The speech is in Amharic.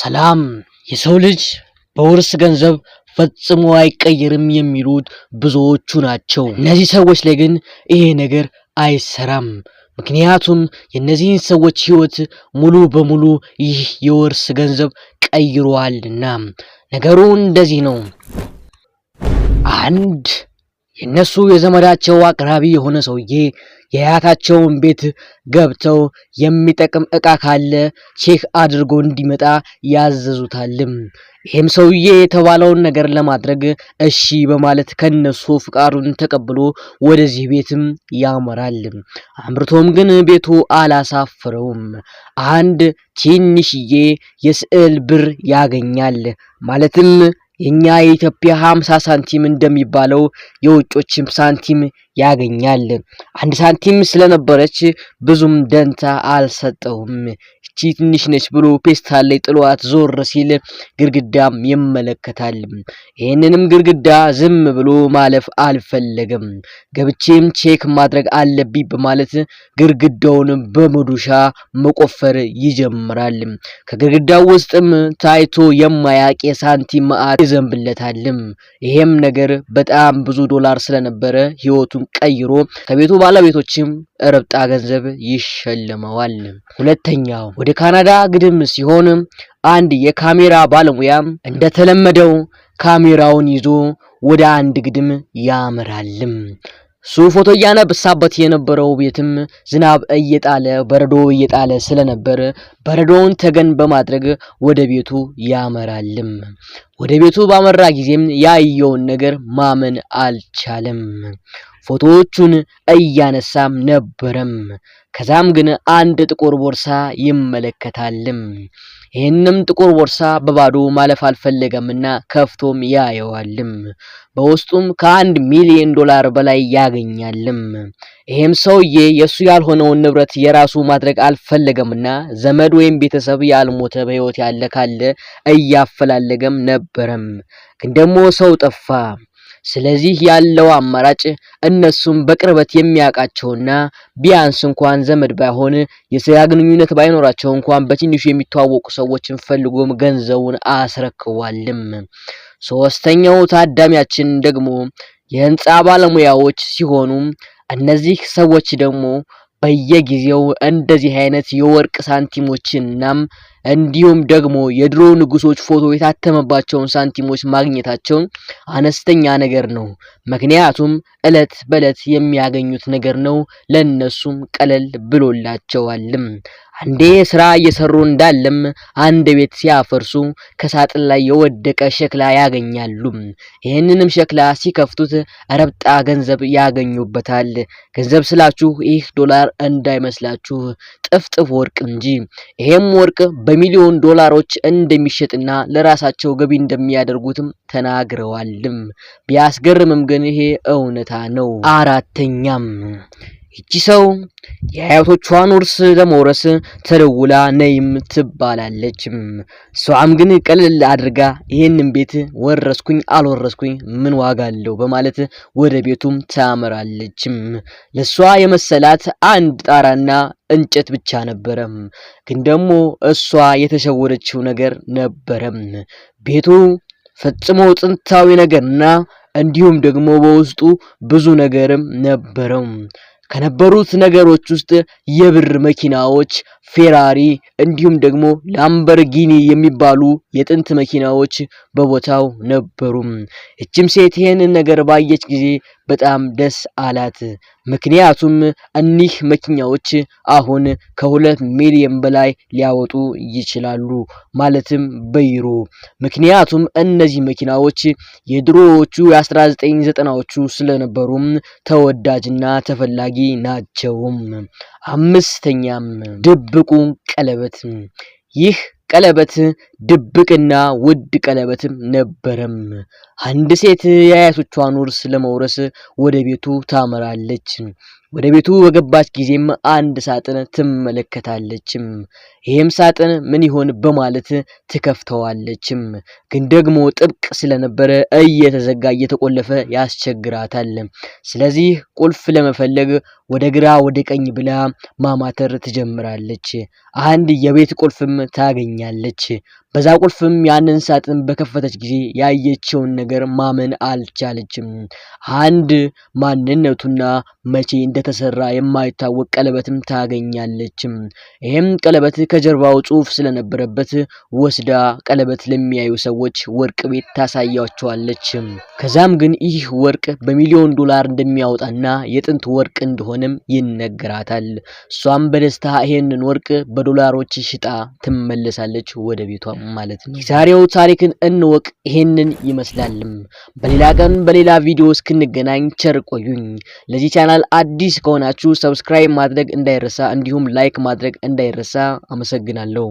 ሰላም የሰው ልጅ በውርስ ገንዘብ ፈጽሞ አይቀየርም የሚሉት ብዙዎቹ ናቸው። እነዚህ ሰዎች ላይ ግን ይሄ ነገር አይሰራም። ምክንያቱም የእነዚህን ሰዎች ሕይወት ሙሉ በሙሉ ይህ የውርስ ገንዘብ ቀይሯልና። ነገሩ እንደዚህ ነው። አንድ የእነሱ የዘመዳቸው አቅራቢ የሆነ ሰውዬ የአያታቸውን ቤት ገብተው የሚጠቅም ዕቃ ካለ ቼክ አድርጎ እንዲመጣ ያዘዙታልም። ይህም ሰውዬ የተባለውን ነገር ለማድረግ እሺ በማለት ከነሱ ፍቃዱን ተቀብሎ ወደዚህ ቤትም ያመራል። አምርቶም ግን ቤቱ አላሳፍረውም። አንድ ትንሽዬ የስዕል ብር ያገኛል ማለትም የእኛ የኢትዮጵያ 50 ሳንቲም እንደሚባለው የውጮችም ሳንቲም ያገኛል። አንድ ሳንቲም ስለነበረች ብዙም ደንታ አልሰጠውም። እቺ ትንሽ ነች ብሎ ፔስታል ላይ ጥሏት ዞር ሲል ግድግዳም ይመለከታል። ይህንንም ግድግዳ ዝም ብሎ ማለፍ አልፈለገም። ገብቼም ቼክ ማድረግ አለብኝ በማለት ግድግዳውን በመዶሻ መቆፈር ይጀምራል። ከግድግዳው ውስጥም ታይቶ የማያቅ የሳንቲም መዓት ይሄም ነገር በጣም ብዙ ዶላር ስለነበረ ህይወቱን ስሙን ቀይሮ ከቤቱ ባለቤቶችም ረብጣ ገንዘብ ይሸልመዋል። ሁለተኛው ወደ ካናዳ ግድም ሲሆን አንድ የካሜራ ባለሙያ እንደተለመደው ካሜራውን ይዞ ወደ አንድ ግድም ያመራልም። እሱ ፎቶ እያነብሳበት የነበረው ቤትም ዝናብ እየጣለ በረዶ እየጣለ ስለነበር በረዶውን ተገን በማድረግ ወደ ቤቱ ያመራልም። ወደ ቤቱ ባመራ ጊዜም ያየውን ነገር ማመን አልቻለም። ፎቶዎቹን እያነሳም ነበረም። ከዛም ግን አንድ ጥቁር ቦርሳ ይመለከታልም። ይህንም ጥቁር ቦርሳ በባዶ ማለፍ አልፈለገምና ከፍቶም ያየዋልም። በውስጡም ከአንድ ሚሊዮን ዶላር በላይ ያገኛልም። ይህም ሰውዬ የእሱ ያልሆነውን ንብረት የራሱ ማድረግ አልፈለገምና ዘመድ ወይም ቤተሰብ ያልሞተ በሕይወት ያለ ካለ እያፈላለገም ነበረም። ግን ደግሞ ሰው ጠፋ። ስለዚህ ያለው አማራጭ እነሱም በቅርበት የሚያውቃቸውና ቢያንስ እንኳን ዘመድ ባይሆን የስራ ግንኙነት ባይኖራቸው እንኳን በትንሹ የሚተዋወቁ ሰዎችን ፈልጎም ገንዘቡን አስረክቧልም። ሶስተኛው ታዳሚያችን ደግሞ የህንፃ ባለሙያዎች ሲሆኑ እነዚህ ሰዎች ደግሞ በየጊዜው እንደዚህ አይነት የወርቅ ሳንቲሞችና እንዲሁም ደግሞ የድሮ ንጉሶች ፎቶ የታተመባቸውን ሳንቲሞች ማግኘታቸው አነስተኛ ነገር ነው። ምክንያቱም እለት በእለት የሚያገኙት ነገር ነው። ለነሱም ቀለል ብሎላቸዋልም። አንዴ ስራ እየሰሩ እንዳለም አንድ ቤት ሲያፈርሱ ከሳጥን ላይ የወደቀ ሸክላ ያገኛሉ። ይህንንም ሸክላ ሲከፍቱት ረብጣ ገንዘብ ያገኙበታል። ገንዘብ ስላችሁ ይህ ዶላር እንዳይመስላችሁ ጥፍጥፍ ወርቅ እንጂ። ይሄም ወርቅ በሚሊዮን ዶላሮች እንደሚሸጥና ለራሳቸው ገቢ እንደሚያደርጉትም ተናግረዋልም። ቢያስገርምም ግን ይሄ እውነታ ነው። አራተኛም ይቺ ሰው የአያቶቿን ውርስ ለመውረስ ተደውላ ነይም ትባላለች። እሷም ግን ቀለል አድርጋ ይህንን ቤት ወረስኩኝ አልወረስኩኝ ምን ዋጋ አለው በማለት ወደ ቤቱም ታመራለች። ለእሷ የመሰላት አንድ ጣራና እንጨት ብቻ ነበረም። ግን ደግሞ እሷ የተሸወደችው ነገር ነበረም ቤቱ ፈጽሞ ጥንታዊ ነገርና እንዲሁም ደግሞ በውስጡ ብዙ ነገርም ነበረው። ከነበሩት ነገሮች ውስጥ የብር መኪናዎች ፌራሪ እንዲሁም ደግሞ ላምበርጊኒ የሚባሉ የጥንት መኪናዎች በቦታው ነበሩም እችም ሴት ይህንን ነገር ባየች ጊዜ በጣም ደስ አላት። ምክንያቱም እኒህ መኪናዎች አሁን ከሁለት ሚሊዮን በላይ ሊያወጡ ይችላሉ፣ ማለትም በይሮ። ምክንያቱም እነዚህ መኪናዎች የድሮዎቹ የ1990ዎቹ ስለነበሩም ተወዳጅና ተፈላጊ ናቸውም። አምስተኛም ድብ ትልቁ ቀለበት። ይህ ቀለበት ድብቅና ውድ ቀለበትም ነበረም። አንድ ሴት የአያቶቿን ውርስ ለመውረስ ወደ ቤቱ ታመራለች። ወደ ቤቱ በገባች ጊዜም አንድ ሳጥን ትመለከታለችም። ይህም ሳጥን ምን ይሆን በማለት ትከፍተዋለችም። ግን ደግሞ ጥብቅ ስለነበረ እየተዘጋ እየተቆለፈ ያስቸግራታል። ስለዚህ ቁልፍ ለመፈለግ ወደ ግራ ወደ ቀኝ ብላ ማማተር ትጀምራለች። አንድ የቤት ቁልፍም ታገኛለች። በዛ ቁልፍም ያንን ሳጥን በከፈተች ጊዜ ያየችውን ነገር ማመን አልቻለችም። አንድ ማንነቱና መቼ እንደተሰራ የማይታወቅ ቀለበትም ታገኛለችም። ይህም ቀለበት ከጀርባው ጽሑፍ ስለነበረበት ወስዳ ቀለበት ለሚያዩ ሰዎች ወርቅ ቤት ታሳያቸዋለች። ከዛም ግን ይህ ወርቅ በሚሊዮን ዶላር እንደሚያወጣና የጥንት ወርቅ እንደሆነ እንደሚጠቅመንም ይነግራታል። እሷም በደስታ ይሄንን ወርቅ በዶላሮች ሽጣ ትመለሳለች ወደ ቤቷ ማለት ነው። የዛሬው ታሪክን እንወቅ ይሄንን ይመስላልም። በሌላ ቀን በሌላ ቪዲዮ እስክንገናኝ ቸር ቆዩኝ። ለዚህ ቻናል አዲስ ከሆናችሁ ሰብስክራይብ ማድረግ እንዳይረሳ፣ እንዲሁም ላይክ ማድረግ እንዳይረሳ። አመሰግናለሁ።